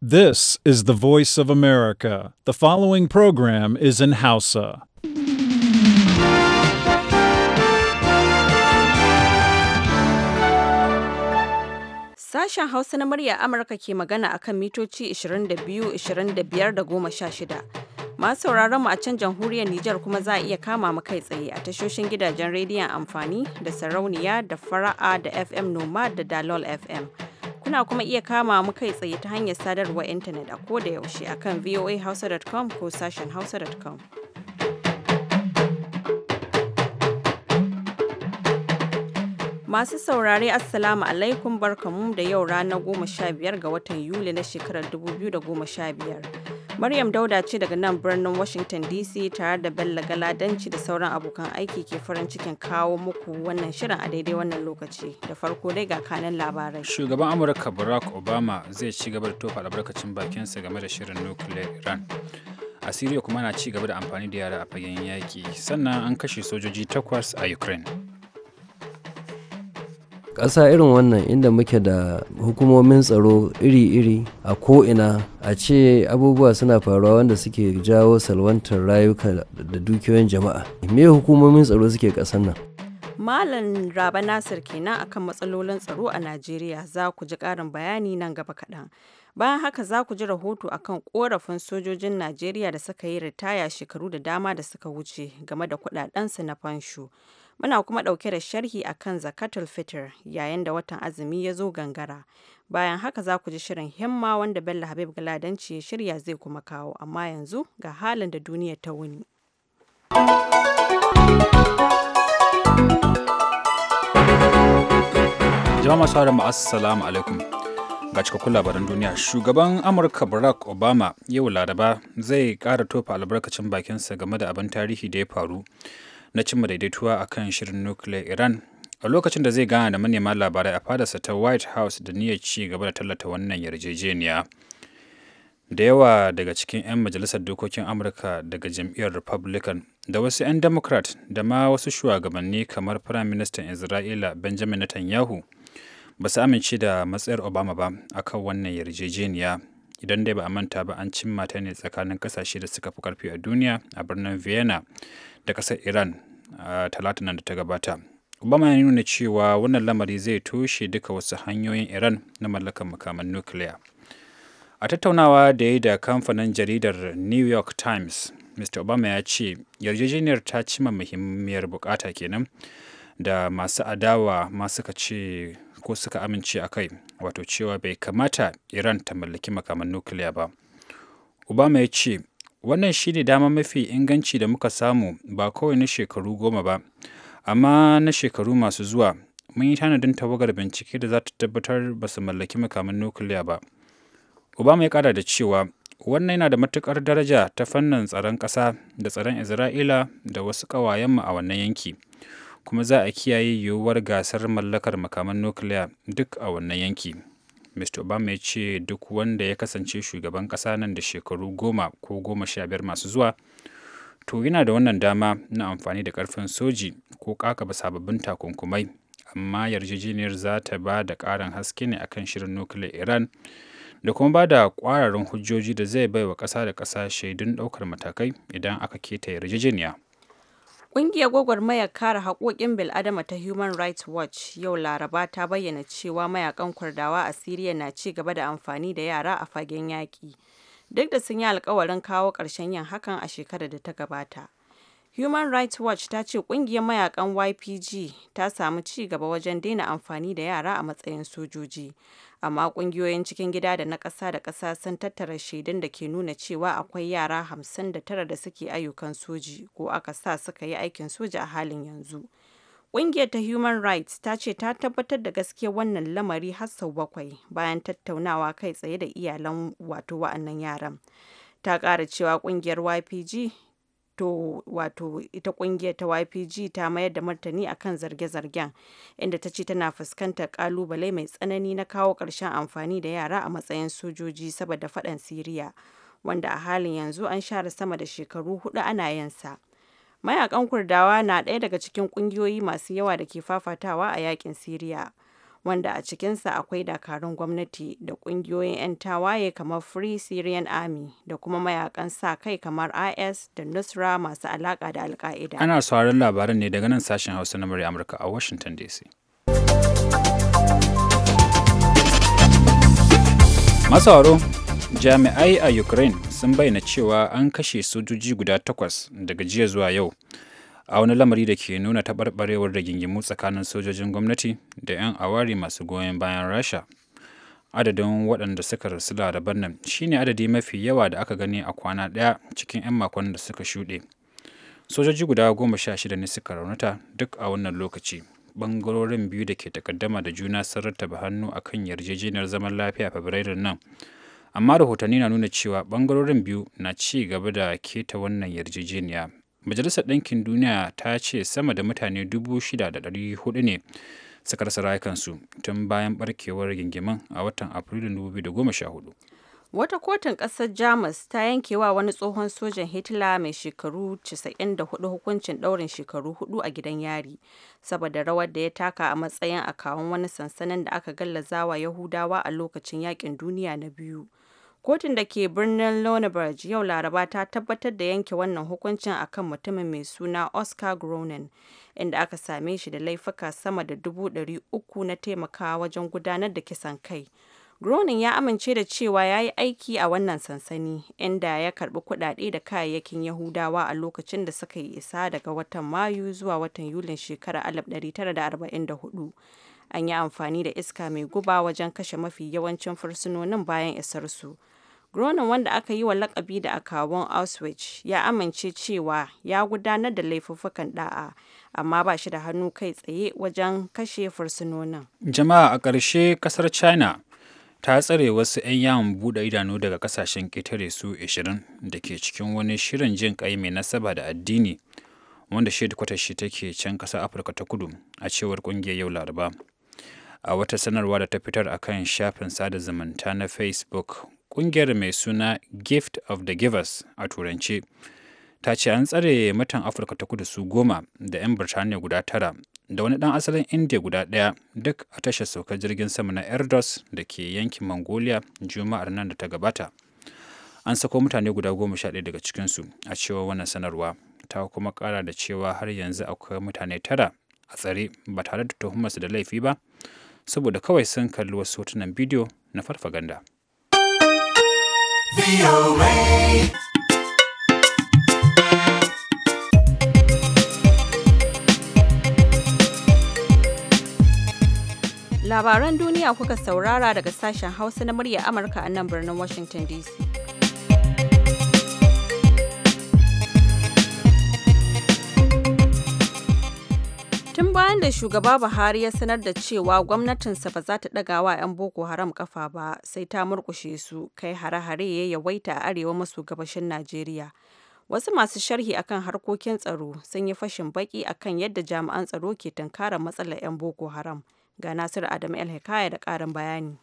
This is the voice of America. The following program is in Hausa. Sashen Hausa na murya Amurka ke magana akan mitoci 22, 25 da 16. Masu sauraron mu a can jamhuriyar Nijar kuma za a iya kama mu kai tsaye a tashoshin gidajen rediyon amfani da sarauniya da fara'a da FM Noma da Dalol FM. Kuna kuma iya kama mu kai tsaye ta hanyar sadarwa intanet a koda yaushe akan voahausa.com ko sashen hausa.com. Masu saurare Assalamu alaikum barkamu da yau ranar 15 ga watan Yuli na shekarar 2015. Maryam Dauda ce daga nan birnin Washington DC tare da Bello Galadanci da sauran abokan aiki ke farin cikin kawo muku wannan shirin a daidai wannan lokaci. Da farko dai ga kanan labarai. Shugaban Amurka Barack Obama zai ci gaba da tofa albarkacin bakinsa game da shirin nuclear Iran. A Syria kuma na ci gaba da amfani da yara a fagen yaƙi, sannan an kashe sojoji takwas a Ukraine. ƙasa irin wannan inda muke da hukumomin tsaro iri-iri a ko'ina a ce abubuwa suna faruwa wanda suke jawo salwantar rayuka da dukiyoyin jama'a me hukumomin tsaro suke ƙasar nan Malam Raba Nasir kenan akan matsalolin tsaro a Najeriya za ku ji ƙarin bayani nan gaba kaɗan. Bayan haka za ku ji rahoto akan korafin sojojin Najeriya da suka yi ritaya shekaru da dama da suka wuce game da kuɗaɗensu na fansho. Muna kuma ɗauke da sharhi a kan zakatul fitr yayin da watan azumi ya zo gangara. Bayan haka za ku ji shirin himma wanda Bello Habib Galadanci ya shirya zai kuma kawo, amma yanzu ga halin da duniya ta wuni. Jama'a sauran salamu alaikum. Ga cikakkun labaran duniya, shugaban Amurka Barack Obama yau Laraba zai kara tofa albarkacin bakinsa game da abin tarihi da ya faru. na cimma daidaituwa a kan shirin nuclear Iran a lokacin da zai gana da manema labarai a fadarsa ta White House da niyyar ci gaba da tallata wannan yarjejeniya. Da yawa daga cikin 'yan majalisar dokokin Amurka daga jam'iyyar Republican da wasu 'yan Democrat da ma wasu shugabanni kamar minister Isra'ila Benjamin Netanyahu ba su amince da matsayar Obama ba akan wannan yarjejeniya. idan dai ba a manta ba an cimma ta ne tsakanin kasashe da suka fi karfi a duniya a birnin vienna da ƙasar iran a nan da ta gabata obama ya nuna cewa wannan lamari zai toshe duka wasu hanyoyin iran na mallakar makaman nukiliya a tattaunawa da ya yi da kamfanin jaridar new york times mr obama ya ce yarjejeniyar ta cima muhimmiyar bukata kenan da masu adawa ma suka ce ko suka amince a kai wato cewa bai kamata iran ta mallaki makaman nukiliya ba obama ya ce Wannan shi ne dama mafi inganci da muka samu ba kawai na shekaru goma ba, amma na shekaru masu zuwa. Mun yi tanadin tawagar bincike da za ta tabbatar ba su mallaki makaman nukiliya ba. Obama ya kada da cewa wannan yana da matuƙar daraja ta fannin tsaron ƙasa da tsaron Isra'ila da wasu ƙawayenmu a wannan yanki, kuma za a kiyaye yiwuwar gasar mallakar makaman nukiliya duk a wannan yanki. Mr. Obama ya ce duk wanda ya kasance shugaban ƙasa nan da shekaru goma ko goma sha biyar masu zuwa, to yana da wannan dama na amfani da ƙarfin soji ko ƙakaba sababbin takunkumai, amma yarjejeniyar za ta ba da ƙarin haske ne akan shirin nukiliyar Iran da kuma ba da ƙwararrun hujjoji da zai bai wa ƙasa da ƙasa shaidun ɗaukar matakai idan aka keta yarjejeniya. Ƙungiyar gwagwarmayar kare haƙoƙin bil'adama ta Human Rights Watch yau Laraba ta bayyana cewa mayakan kwardawa a Siriya na ci gaba da amfani da yara a fagen yaƙi, duk da sun yi alkawarin kawo ƙarshen yin hakan a shekarar da ta gabata. Human Rights Watch ta ce ƙungiyar mayakan YPG ta samu ci gaba wajen daina amfani da yara a matsayin sojoji, amma kungiyoyin cikin gida da na ƙasa da ƙasa sun tattara shaidun da ke nuna cewa akwai yara hamsin da tara da suke ayyukan soji ko aka sa suka yi aikin soja a halin yanzu. Ƙungiyar ta Human Rights ta ce ta tabbatar da gaskiyar wannan lamari har sau bakwai bayan tattaunawa kai tsaye da iyalan wato wa'annan yaran. Ta ƙara cewa ƙungiyar YPG to wato ita kungiyar ta YPG ta mayar da martani akan zarge-zargen inda ta ce tana fuskantar kalubale mai tsanani na kawo ƙarshen amfani da yara a matsayin sojoji saboda faɗan Siriya wanda a halin yanzu an share sama da shekaru hudu ana yansa. Mayakan Kurdawa na ɗaya daga cikin ƙungiyoyi masu yawa da ke fafatawa a yakin Siriya. wanda a cikinsa akwai dakarun gwamnati da kungiyoyin 'yan tawaye kamar Free Syrian Army da kuma mayakan sa kai kamar IS da Nusra masu alaƙa da alka'ida Ana sauraron labaran ne daga nan sashen Hausa na murya Amurka a Washington DC. Masauro jami'ai a Ukraine sun bayyana cewa an kashe sojoji guda takwas daga jiya zuwa yau. a wani lamari da ke nuna taɓarɓarewar da gingimu tsakanin sojojin gwamnati da 'yan awari masu goyon bayan rasha adadin waɗanda suka rasu laraban nan shine adadi mafi yawa da aka gani a kwana ɗaya cikin 'yan makon da suka shuɗe sojoji guda goma sha shida ne suka raunata duk a wannan lokaci ɓangarorin biyu da ke takaddama da juna sun rattaba hannu a kan yarjejeniyar zaman lafiya fabrairun nan amma rahotanni na nuna cewa ɓangarorin biyu na ci gaba da keta wannan yarjejeniya majalisar ɗinkin duniya ta ce sama da mutane 6,400 ne suka rasa rayukansu tun bayan barkewar gingimin a watan afrilun 2014 wata kotun ƙasar jamus ta yankewa wani tsohon sojan hitler mai shekaru 94 hukuncin ɗaurin shekaru hudu a gidan yari saboda rawar da ya taka a matsayin akawun wani sansanin da aka gallazawa yahudawa a lokacin yakin duniya na biyu Kotun da ke birnin Lorneburg yau Laraba ta tabbatar da yanke wannan hukuncin akan mutumin mai suna Oscar Gronin, inda aka same shi da laifuka sama da dubu ɗari uku na taimakawa wajen gudanar da kisan kai. Gronin ya amince da cewa ya yi aiki a wannan sansani, inda ya karbi kuɗaɗe da kayayyakin Yahudawa a lokacin da suka yi isa daga watan Mayu zuwa watan Yulin shekarar 1944. an yi amfani da iska mai guba wajen kashe mafi yawancin fursunonin bayan isarsu. Gronin wanda aka yi wa lakabi da akawun Auschwitz ya amince cewa ya gudanar da laifuffukan da'a amma ba shi da hannu kai tsaye wajen kashe fursunonin. Jama'a a ƙarshe ƙasar China ta tsare wasu 'yan yawon buɗe idanu daga ƙasashen ƙetare su 20 da ke cikin wani shirin jin ƙai mai nasaba da addini wanda shi take can ƙasar Afirka ta kudu a cewar ƙungiyar yau Laraba. a wata sanarwa da ta fitar a kan shafin sada zumunta na facebook kungiyar mai suna gift of the givers a turanci ta ce an tsare mutan afirka ta kudu su goma da 'yan birtaniya guda tara da wani dan asalin india guda daya duk a tashar saukar jirgin sama na erdos da ke yankin mongolia juma'ar nan da ta gabata an sako mutane guda goma sha ɗaya daga cikin su a cewa wannan sanarwa ta kuma kara da cewa har yanzu akwai mutane tara a tsare ba tare da tuhumarsu da laifi ba saboda kawai sun kalli wasu hotunan bidiyo na farfaganda. Labaran duniya kuka saurara daga sashen Hausa na murya Amurka a nan birnin Washington DC. bayan da shugaba Buhari ya sanar da cewa gwamnatinsa ba za ta ɗaga wa 'yan Boko Haram kafa ba sai ta murkushe su kai hare-hare ya yawaita a arewa maso gabashin Najeriya. Wasu masu sharhi akan harkokin tsaro sun yi fashin baki akan yadda jami'an tsaro ke tunkarar matsalar 'yan Boko Haram. Ga Nasiru adamu El da ƙarin bayani.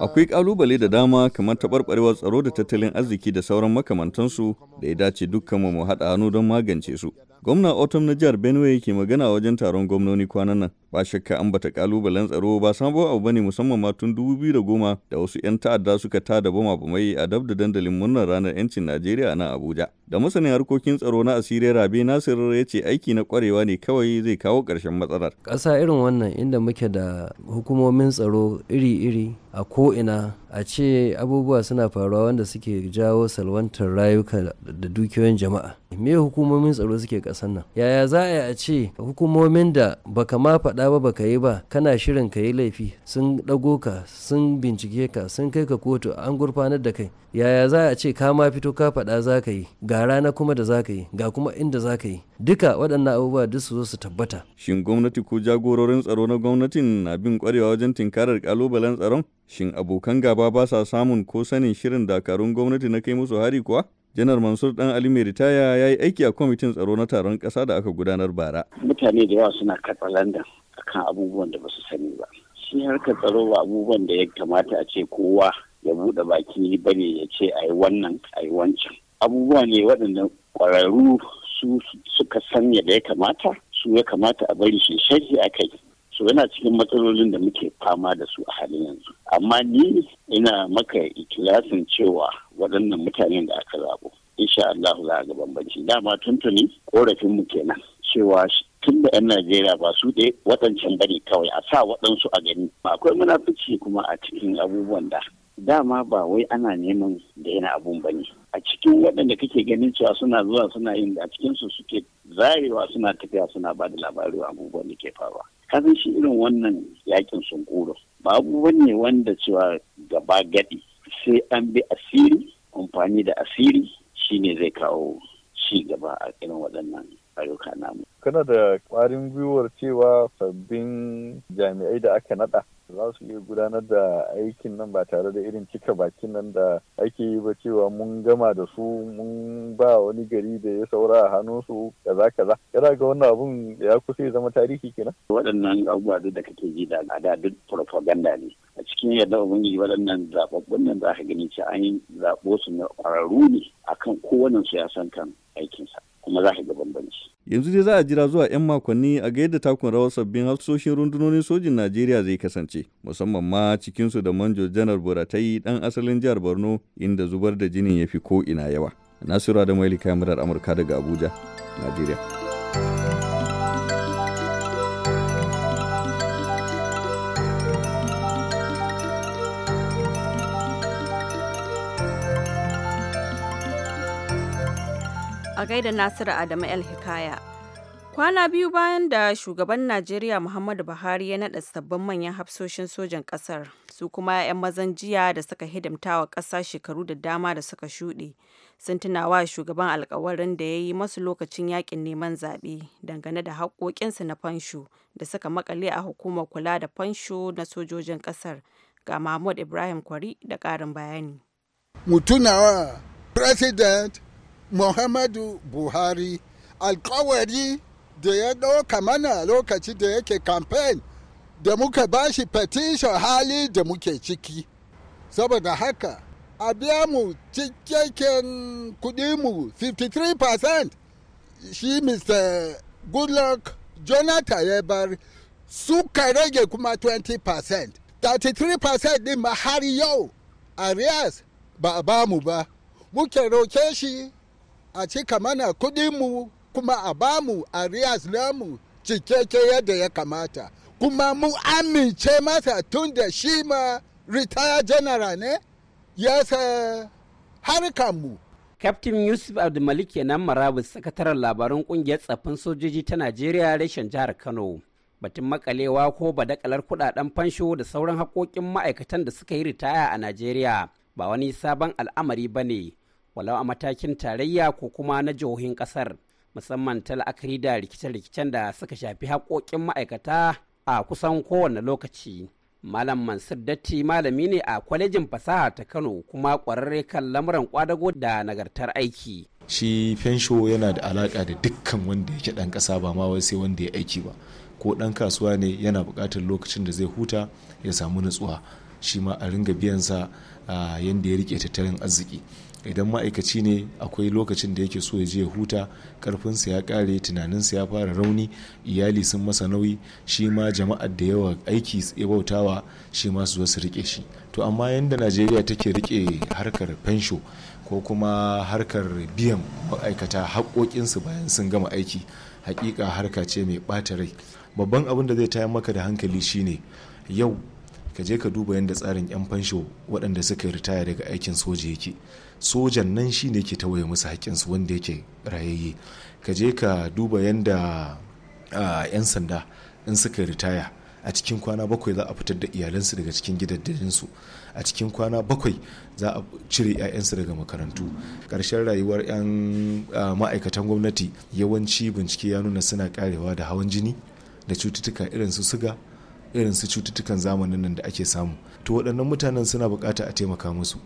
Akwai ƙalubale da dama kamar taɓarɓarewar tsaro da tattalin arziki da sauran makamantansu da ya dace dukkanmu mu haɗa hannu don magance su. Gwamna Otom na jihar Benue ke magana wajen taron gwamnoni kwanan nan ba shakka an bata kalubalen tsaro ba sabon abu bane musamman ma tun 2010 da wasu 'yan ta'adda suka da bama bamai a dab da dandalin murnar ranar 'yancin Najeriya na Abuja. Da masanin harkokin tsaro na asirai Rabe Nasir ya ce aiki na kwarewa ne kawai zai kawo karshen matsalar. Ƙasa irin wannan inda muke da hukumomin tsaro iri-iri a ko'ina a ce abubuwa suna faruwa wanda suke jawo salwantar rayuka da dukiyoyin jama'a me hukumomin tsaro suke kasan nan yaya za a a ce hukumomin da baka ma faɗa ba baka yi ba kana shirin ka yi laifi sun ɗago ka sun bincike ka sun kai ka kotu an gurfanar da kai yaya za a ce ka ma fito ka faɗa za ka yi ga rana kuma da za ka yi ga kuma inda za ka yi duka waɗannan abubuwa duk su zo su tabbata shin gwamnati ko jagororin tsaro na gwamnatin na bin kwarewa wajen tinkarar kalubalen tsaron Shin abokan gaba ba sa samun ko sanin shirin dakarun gwamnati na kai musu hari kuwa? janar mansur dan ali mai ritaya ya yi aiki a kwamitin tsaro na taron kasa da aka gudanar bara mutane da yawa suna katsalandan kan abubuwan da ba su sani ba shi harkar tsaro ba abubuwan da ya kamata a ce kowa ya buɗe baki bane ya ce a yi wannan a yi wancan abubuwa ne waɗanda ƙwararru su suka sanya da ya kamata su ya kamata a bari shi sharhi a kai so yana cikin matsalolin da muke fama da su a halin yanzu amma ni ina maka ikilasin cewa waɗannan mutanen da aka zabo insha Allah za a ga bambanci dama tuntuni korafin mu kenan cewa tun da 'yan Najeriya ba su ɗaya waɗancan bane kawai a sa waɗansu a gani akwai munafici kuma a cikin abubuwan da dama ba wai ana neman da yana abun bane a cikin waɗanda kake ganin cewa suna zuwa suna yin da a cikinsu suke zarewa suna tafiya suna ba da labarin abubuwan da ke faruwa kasan shi irin wannan yakin sunkuro babu wanne wanda cewa gaba gadi sai an bi asiri amfani da asiri shine zai kawo ci gaba a irin waɗannan ayyuka namu kana da ƙwarin gwiwar cewa sabbin jami'ai da aka nada za su iya gudanar da aikin nan ba tare da irin cika bakin nan da ake yi ba cewa mun gama da su mun ba wani gari da ya saura a hannunsu kaza kaza yana ga wannan abun ya kusa ya zama tarihi kenan waɗannan abubuwa duk da kake ji da da duk propaganda ne a cikin yadda yi waɗannan zaɓaɓɓun nan za ka gani ce an yi zaɓo su na ƙwararru ne akan kowanne su ya san kan aikinsa kuma za su ga bambanci. Yanzu dai za a jira zuwa 'yan makonni a ga yadda takun rawar sabbin hafsoshin rundunonin sojin Najeriya zai kasance, musamman ma cikinsu da manjo janar Buratai ɗan asalin jihar Borno inda zubar da jinin ya fi ko ina yawa. Nasiru Adamu Ali Kamarar Amurka daga Abuja, Najeriya. a gaida Nasiru Adamu El Hikaya. Kwana biyu bayan da shugaban Najeriya Muhammadu Buhari ya naɗa sabbin manyan hafsoshin sojan ƙasar, su kuma 'yan mazan jiya da suka hidimta wa ƙasa shekaru da dama da suka shuɗe, sun tunawa shugaban alkawarin da ya yi masu lokacin yakin neman zaɓe dangane da haƙoƙinsu na fansho da suka makale a hukumar kula da fansho na sojojin ƙasar. Ga Mahmud Ibrahim Kwari da ƙarin bayani. Mu tunawa President muhammadu buhari alkawari da ya ɗauka mana lokaci da yake campaign da muka shi petition hali da muke ciki saboda haka a biya mu cikakken mu 53% shi mr goodluck jonathan ya bar suka rage kuma 20% 33% din ma har yau arias ba a ba mu ba muke roke shi a cika mana mu kuma a bamu a riyas namu cikeke yadda ya kamata kuma mu amince masa tun da shi ma ritaya general ne ya sa mu. Captain Yusuf Abdulmalik kenan Marabus sakataren labarun kungiyar tsaffin sojoji ta Najeriya reshen jihar Kano. Batun makalewa ko badakalar kudaden fansho da sauran haƙoƙin ma'aikatan da suka yi ritaya a Najeriya ba wani sabon al'amari ba ne. walau a matakin tarayya ko kuma na jihohin kasar musamman ta la'akari da rikice-rikicen da suka shafi haƙoƙin ma'aikata a kusan kowane lokaci malam mansur datti malami ne a kwalejin fasaha ta kano kuma ƙwararre kan lamuran kwadago da nagartar aiki shi fensho yana da alaƙa da dukkan wanda yake ɗan ƙasa ba ma wai sai wanda ya aiki ba ko ɗan kasuwa ne yana buƙatar lokacin da zai huta ya samu nutsuwa shi ma a ringa biyansa yadda ya rike tattalin arziki idan ma'aikaci ne akwai lokacin da yake so ya je huta karfinsa ya kare tunaninsa ya fara rauni iyali sun masa nauyi shi ma jama'ar da yawa aiki ya bautawa shi ma su zo su rike shi to amma yadda najeriya take rike harkar fensho ko kuma harkar biyan ma'aikata haƙoƙinsu bayan sun gama aiki hakika harka ce mai ɓata rai babban abin da zai tayar maka da hankali shine yau ka je ka duba yadda tsarin yan fansho waɗanda suka yi ritaya daga aikin soja yake sojan nan shi ne ke tawaye musu haƙƙinsu wanda yake rayayye ka je ka duba yadda yan sanda in suka yi ritaya a cikin kwana bakwai za a fitar da iyalansu daga cikin gidajensu a cikin kwana bakwai za a cire 'ya'yansu daga makarantu karshen rayuwar 'yan ma'aikatan gwamnati yawanci bincike ya nuna suna karewa da hawan jini da cututtuka irin su suga irin su cututtukan zamanin nan da ake samu to waɗannan mutanen suna bukata a taimaka musu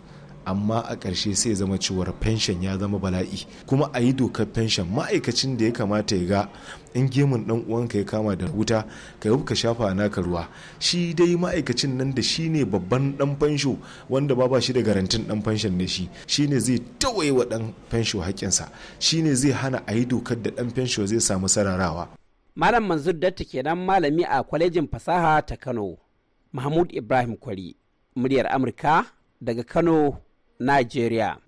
amma a ƙarshe sai zama cewar fenshon ya zama bala'i kuma a yi dokar fenshon ma'aikacin da ya kamata ya ga in gemun ɗan uwanka ya kama da wuta ka yi ka shafa naka ruwa shi dai ma'aikacin nan da shi ne babban ɗan fensho wanda ba ba shi da garantin ɗan fenshon ne shi shi ne zai tawaye wa ɗan fensho haƙƙinsa shi ne zai hana a yi dokar da ɗan fensho zai samu sararawa Malam Manzur Datta kenan malami a kwalejin fasaha ta Kano. Mahmud Ibrahim Kwari, muryar Amurka daga Kano, Nigeria.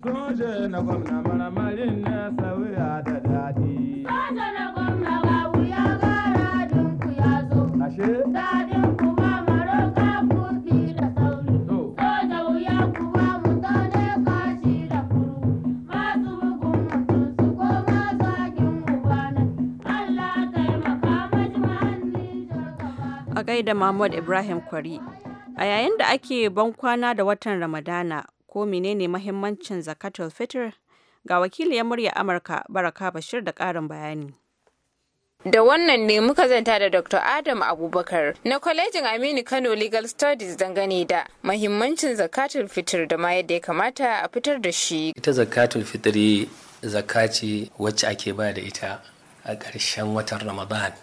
gaida Mahmud Ibrahim Kwari. A yayin da ake ban kwana da watan Ramadana, ko menene mahimmancin zakatul fitr? Ga wakili ya murya Amurka Baraka Bashir da karin bayani. Da wannan ne muka zanta da Dr. Adam Abubakar na kwalejin Aminu Kano Legal Studies dangane da mahimmancin zakatul fitr da ma yadda ya kamata a fitar da shi. Ita zakatul fitri zakaci wacce ake ba da ita a ƙarshen watan Ramadan.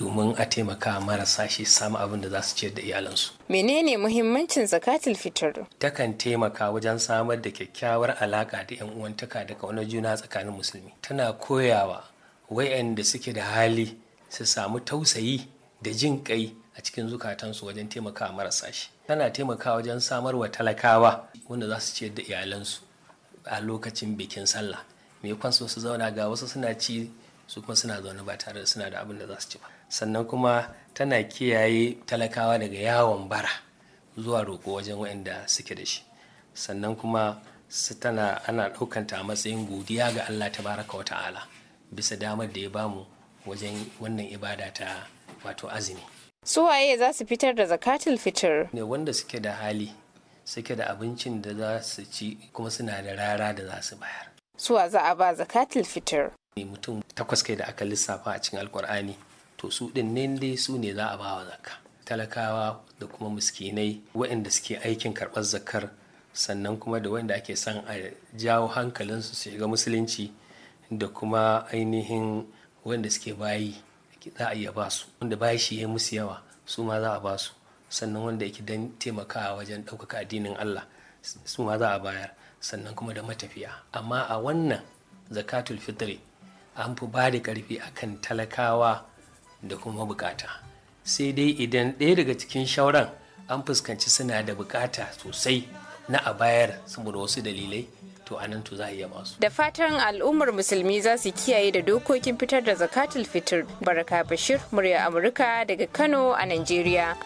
domin a taimaka marasa shi samu abin da za su ciyar da iyalansu. Menene muhimmancin zakatul fitar? Takan taimaka wajen samar da kyakkyawar alaka da 'yan uwantaka da kaunar juna tsakanin musulmi. Tana koyawa wayanda suke da hali su samu tausayi da jin kai a cikin zukatansu wajen taimaka marasa shi. Tana taimaka wajen samar wa talakawa wanda za su ciyar da iyalansu a lokacin bikin sallah. Me kwan su zauna ga wasu suna ci su kuma suna zaune ba tare da suna da abin da za su ci ba. sannan kuma tana kiyaye talakawa daga yawon bara zuwa roƙo wajen waɗanda suke da shi sannan kuma tana ana ɗaukanta a matsayin godiya ga allah ta baraka wa ta'ala bisa damar da ya bamu wajen wannan ibada ta wato azumi su waye za su fitar da zakatul fitar ne wanda suke da hali suke da abincin da za su ci kuma suna da rara da za su bayar wa za a ba zakatul fitar mutum takwas kai da aka lissafa a cikin alkur'ani to su ɗin ne dai su ne za a ba wa zakka talakawa da kuma muskinai waɗanda suke aikin karɓar zakar sannan kuma da waɗanda ake son a jawo hankalinsu su shiga musulunci da kuma ainihin waɗanda suke bayi za a iya ba su wanda bayi shi ya musu yawa su ma za a ba su sannan wanda yake dan taimakawa wajen ɗaukaka addinin Allah su ma za a bayar sannan kuma da matafiya amma a wannan zakatul fitri an fi ba da ƙarfi akan talakawa da kuma bukata sai dai idan ɗaya daga cikin shauran an fuskanci suna da bukata sosai na a bayar saboda wasu dalilai to anan to za a iya masu. Da fatan al'ummar musulmi za su kiyaye da dokokin fitar da zakatul fitr. Baraka Bashir, murya Amurka daga Kano a Najeriya.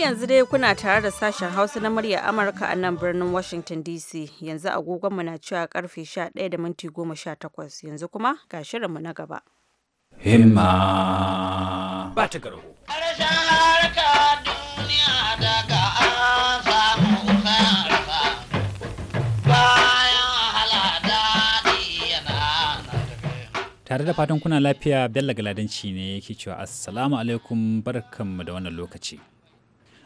yanzu dai kuna tare da sashen Hausa na murya Amurka a nan birnin Washington DC. Yanzu agogonmu na cewa karfe 11 da minti 18. Yanzu kuma ga shirinmu na gaba. Himma ba ta garo. tare da fatan kuna lafiya bello galadanci ne yake cewa assalamu alaikum barkanmu da wannan lokaci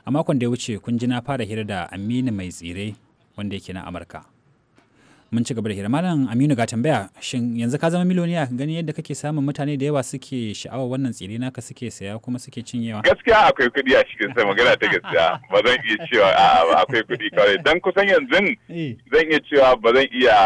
a makon da ya wuce kun ji na fara hira da aminu mai tsire wanda yake na amurka mun ci gaba da hira malam aminu ga tambaya shin yanzu ka zama miliyoniya gani yadda kake samun mutane da yawa suke sha'awar wannan tsire naka suke saya kuma suke cinyewa gaskiya akwai kuɗi a cikin sai magana ta gaskiya ba zan iya cewa akwai kuɗi kawai dan kusan yanzu eh. zan iya cewa ba zan iya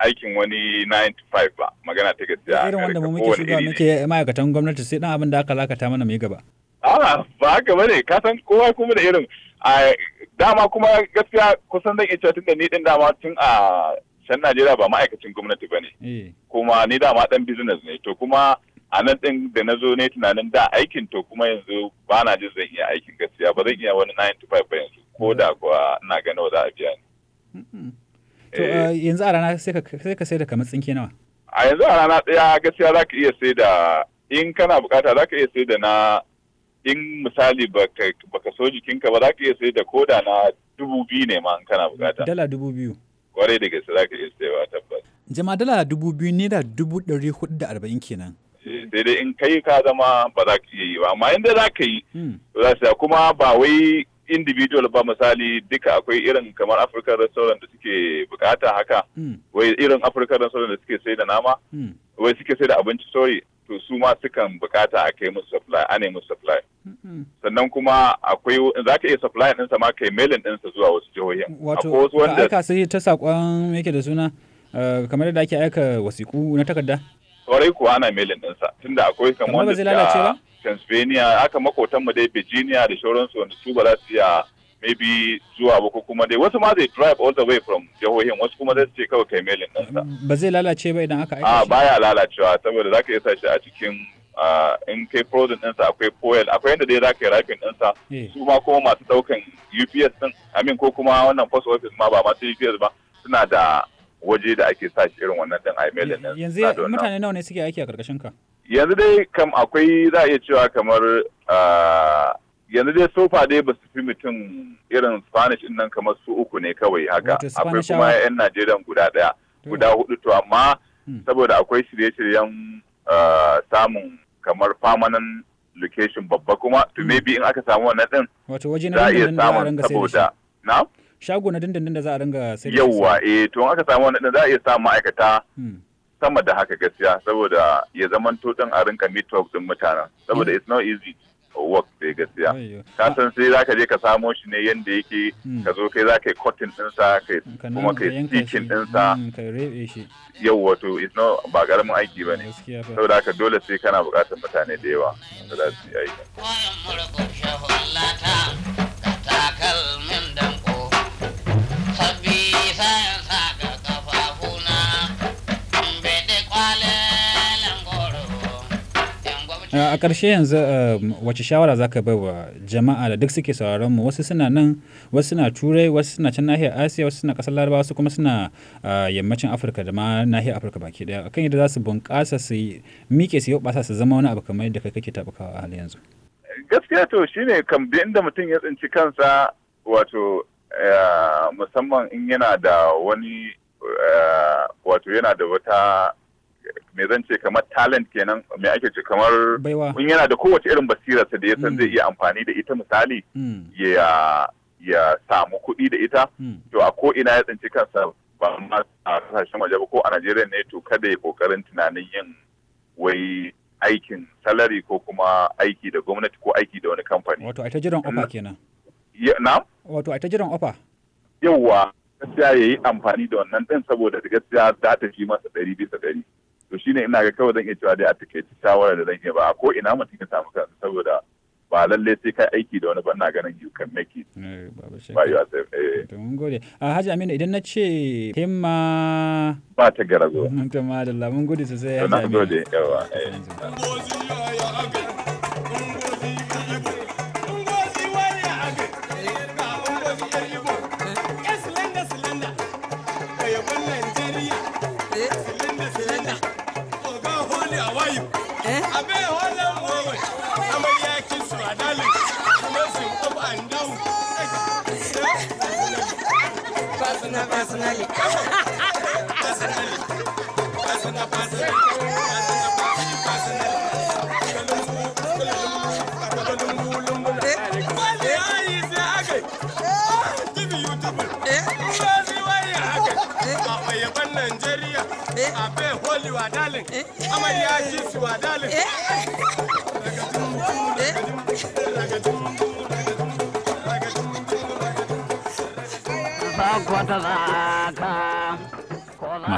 aikin wani 95 ba magana ta gaskiya irin wanda mu muke shugaba muke ma'aikatan gwamnati sai dan abin da aka lakata mana mu yi gaba A'a ba haka bane ka san kowa kuma da irin a dama kuma gaskiya kusan zan iya cewa tun da ni din dama tun a can Najeriya ba ma'aikacin gwamnati bane. Eh. Kuma ni dama dan business ne to kuma a nan din da na zo ne tunanin da aikin to kuma yanzu ba na jin zan iya aikin gaskiya ba zan iya wani 9 to 5 ba yanzu ko da mm. kuwa ina gano za a biya ni. To eh. yanzu a rana sai ka sai da kamar tsinke nawa? A yanzu a rana ɗaya gaskiya za ka iya sai da in kana bukata za ka iya sai da na in misali baka so jikinka ba za ka iya sai da koda na dubu biyu ne ma in kana bukata. Dala dubu biyu. Kwarai da gaske za ka iya sayawa tabbas. Jama'a dala dubu biyu ne da dubu ɗari hudu da arba'in kenan. Eh, sai dai in kai ka zama ba za ka iya yi ba amma inda hmm. za ka yi. Za su kuma ba wai individual ba misali duka akwai irin kamar African restaurant da suke bukata haka. Hmm. Wai irin African restaurant da suke sai da nama. Hmm. Wai suke sai da abinci sorry to su ma sukan bukata a kai musu supply a musu supply sannan kuma akwai za ka iya supply ɗinsa ma kai mailin ɗinsa zuwa wasu jihohin wato ka aika sai ta saƙon yake da suna eh, kamar da ake aika wasiƙu na takarda kwarai kuwa ana mailin ɗinsa tunda akwai kamar wanda Pennsylvania aka makotan mu dai Virginia da shauransu wanda su ba za su iya maybe zuwa ba ko kuma dai wasu ma zai drive all the way from jihohin wasu kuma zai ce kawai kai mailin nan mm, Ba zai lalace ba idan aka aika ah, shi? baya lalacewa saboda za ka iya sa shi a cikin ah, in kai frozen ɗinsa akwai foil akwai yadda dai za ka yi rafin ɗinsa eh. su ma kuma masu ɗaukan UPS ɗin amin ko kuma wannan post office ma ba masu UPS ba suna da waje da ake sa shi irin wannan ɗin a mailin nan Yanzu mutane nawa ne suke aiki a ƙarƙashin ka? Yanzu dai kam akwai za a iya cewa kamar ah, yanzu dai sofa dai ba su fi mutum irin spanish nan kamar su uku ne kawai haka akwai kuma yan najeriya guda daya guda hudu to amma hmm. saboda akwai shirye-shiryen uh, samun kamar famanan location babba kuma to hmm. maybe in aka samu wannan din wato waje na iya samun saboda na shago na dindindin da za a ringa sai yawwa eh to in aka samu wannan din za a iya samun ma'aikata hmm. sama da haka gaskiya saboda ya zamanto din a rinka meet up din mutanen saboda it's not easy work sai gaskiya ka san sai zaka je ka samo shi ne yanda yake hmm. ka zo kai zaka yi cotton din sa kai hmm, kuma kai stitching din sa hmm, yau wato it's not ba garamin aiki ba bane saboda haka dole sai kana bukatar mutane da yawa da za su yi aiki a ƙarshe yanzu um, wace shawara zaka bai wa jama'a da duk suke sauraron mu wasu suna nan wasu suna turai wasu suna can nahiyar asiya wasu suna ƙasar larabawa wasu kuma suna yammacin afirka da ma nahiyar afirka baki daya akan yadda za su bunƙasa su miƙe su yau ɓasa su zama wani abu kamar yadda kai kake taɓukawa a halin yanzu gaskiya to shine kam inda mutum ya tsinci kansa wato musamman in yana da wani wato yana da wata me zan ce kamar talent kenan me ake ce kamar in yana da kowace irin basirarsa da ya san mm. zai iya amfani da ita misali mm. ya samu kuɗi da ita mm. to a ko ina ya tsinci kansa ba ma a kasashen waje ba ko a Najeriya ne to kada ya kokarin tunanin yin wai aikin salari ko kuma aiki da gwamnati ko aiki da wani kamfani wato a ta jiran ofa kenan na wato a ta jiran ofa yawwa gaskiya ya yi amfani da wannan ɗin saboda gaskiya za ta fi masa ɗari bisa ɗari to shine ina ga kawai zan iya cewa dai a takaice shawara da zan iya ba a ko ina mutum ya samu kansa saboda ba lalle sai ka aiki da wani ba ina ganin you can make it ba yi wasu to mun gode a ah, haji aminu idan na ce himma ba ta garago mun ta madalla mun gode sosai haji aminu gode yawa eh.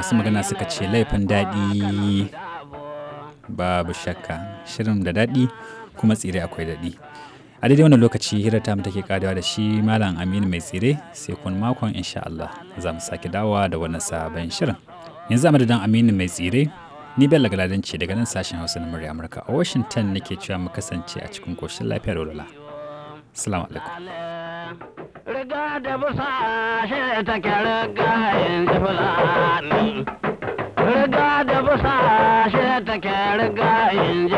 masu magana suka ce laifin daɗi babu shakka shirin da daɗi kuma tsire akwai daɗi a daidai wannan lokaci hira ta take kadawa da shi malam aminu mai tsire sai kun makon insha Allah za mu sake dawowa da wani sabon shirin yanzu a dan aminu mai tsire ni bella galadin ce daga nan sashen hausa na murya amurka a washington nake cewa mu kasance a cikin koshin lafiya da walwala salamu alaikum da busa shi take riga fulani. Riga da busa shi take riga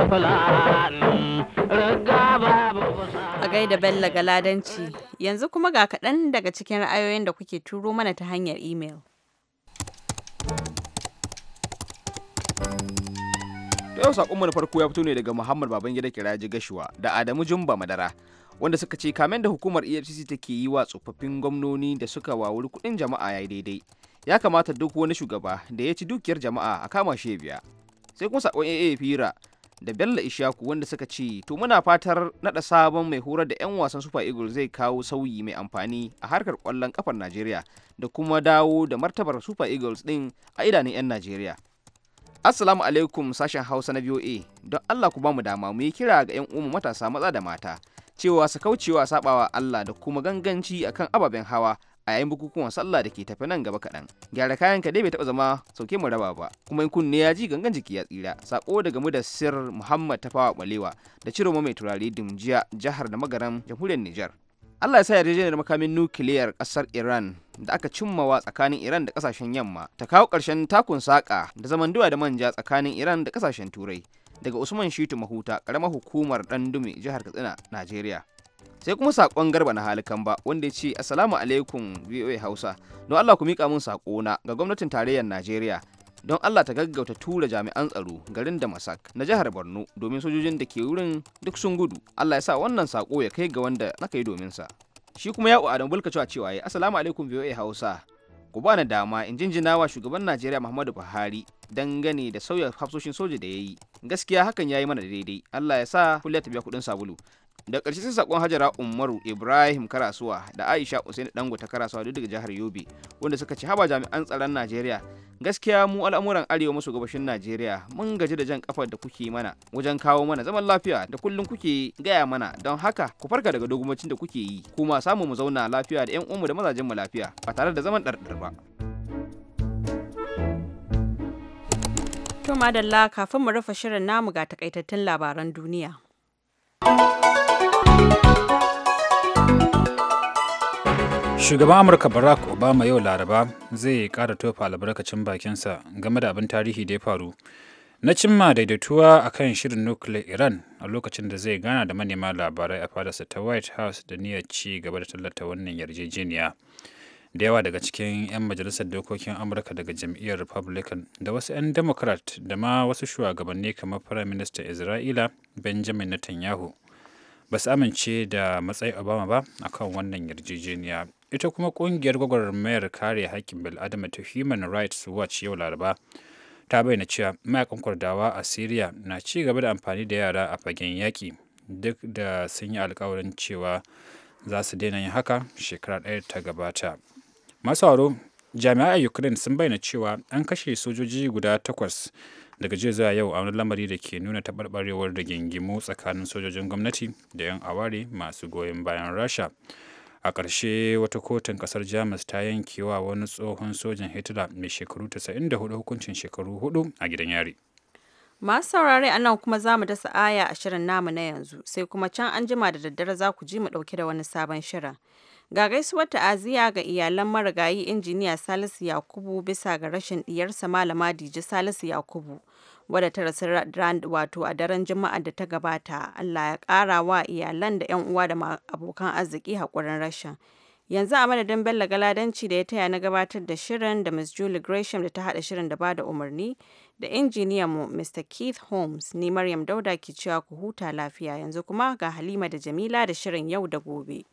fulani. Riga babu busa. A gaida Bello Galadanci, yanzu kuma ga kaɗan daga cikin ra'ayoyin da kuke turo mana ta hanyar imel. yau sakonmu na farko ya fito ne daga muhammad babangida kiraji gashuwa da adamu jumba madara wanda suka ce kamen da hukumar efcc take yi wa tsofaffin gwamnoni da suka wawuri kuɗin jama'a ya yi daidai ya kamata duk wani shugaba da ya ci dukiyar jama'a a kama shi biya sai kuma sakon AA Fira da Bello Ishaku wanda suka ce to muna fatar nada sabon mai horar da 'yan wasan Super Eagles zai kawo sauyi mai amfani a harkar kwallon kafar Najeriya da kuma dawo da martabar Super Eagles din a idanun 'yan Najeriya. Assalamu alaikum sashen Hausa na VOA don Allah ku ba mu dama mu yi kira ga 'yan umu matasa maza da mata cewa su kaucewa sabawa Allah da kuma ganganci akan ababen hawa a yayin bukukuwan sallah da ke tafi nan gaba kaɗan gyara kayan ka dai bai taɓa zama sauke mu raba ba kuma in kunne ya ji gangan jiki ya tsira sako daga mu da sir muhammad tafawa da da ma mai turare dimjiya jihar da magaran jamhuriyar nijar Allah ya sa yarjejeniyar makamin nukiliyar ƙasar Iran da aka cimmawa tsakanin Iran da ƙasashen yamma ta kawo ƙarshen takun saƙa da zaman duwa da manja tsakanin Iran da ƙasashen Turai daga Usman Shitu Mahuta karamar hukumar Dandume jihar Katsina Najeriya sai kuma sakon garba na halikan ba wanda ya ce assalamu alaikum VOA Hausa don Allah ku mika min sako na ga gwamnatin tarayyar Najeriya don Allah ta gaggauta tura jami'an tsaro garin da Masak na jihar Borno domin sojojin da ke wurin duk sun gudu Allah ya sa wannan sako ya kai ga wanda na kai domin sa shi kuma ya'u Adamu Bulka cewa cewa ya assalamu alaikum VOA Hausa ku bani dama in jinjina shugaban Najeriya Muhammadu Buhari dangane da sauya hafsoshin soja da ya yi gaskiya hakan ya yi mana daidai Allah ya sa kulle ta biya kuɗin sabulu da ƙarshe sai sakon hajara umaru ibrahim karasuwa da aisha usaini dango ta karasuwa duk daga jihar yobe wanda suka ci haba jami'an tsaron najeriya gaskiya mu al'amuran arewa maso gabashin najeriya mun gaji da jan kafar da kuke mana wajen kawo mana zaman lafiya da kullum kuke gaya mana don haka ku farka daga dogumacin da kuke yi kuma samu mu zauna lafiya da yan uwanmu da mazajen mu lafiya ba tare da zaman ɗarɗar ba. To madalla kafin mu rufe shirin namu ga takaitattun labaran duniya. Shugaban Amurka Barack Obama yau Laraba zai kara tofa albarkacin bakinsa game da abin tarihi da ya faru. Na cimma daidaituwa a kan shirin nukiliyar Iran a lokacin da zai gana da manema labarai a fadarsa ta White House da niyyar ci gaba da tallata wannan yarjejeniya. da yawa daga cikin 'yan majalisar dokokin amurka daga jam'iyyar republican da wasu 'yan democrat da ma wasu shugabanni kamar prime minister isra'ila benjamin netanyahu ba su amince da matsayin obama ba a kan wannan yarjejeniya ita kuma kungiyar gwagwarmayar kare haƙƙin bil'adama ta human rights watch yau laraba ta bayyana cewa mayakan kwardawa a syria na ci gaba da amfani da yara a fagen yaƙi duk da sun yi alkawarin cewa za su daina yin haka shekara ɗaya ta gabata masu jami'a jami'ai a ukraine sun bayyana cewa an kashe sojoji guda takwas daga jiya zuwa yau a wani lamari da ke nuna taɓarɓarewar da gingimu tsakanin sojojin gwamnati da 'yan aware masu goyon bayan rasha a ƙarshe wata kotun ƙasar jamus ta yankewa wani tsohon sojan hitler mai shekaru 94 hukuncin shekaru hudu a gidan yari masu saurare a nan kuma za mu dasa aya a shirin namu na yanzu sai kuma can an jima da daddare za ku ji mu ɗauke da wani sabon shirin Ga gaisuwar ta'aziyya ga iyalan marigayi injiniya Salisu Yakubu bisa ga rashin diyarsa malama Dije Salisu Yakubu wadda ta rasu wato a daren Juma'a da ta gabata. Allah ya ƙara wa iyalan da 'yan uwa da abokan arziki haƙurin rashin. Yanzu a madadin Bello Galadanci da ya taya na gabatar da shirin da Miss Julie Gresham da ta haɗa shirin da ba da umarni da injiniyan mu Mr. Keith Holmes ne Maryam Dauda ke cewa ku huta lafiya yanzu kuma ga Halima da Jamila da shirin yau da gobe.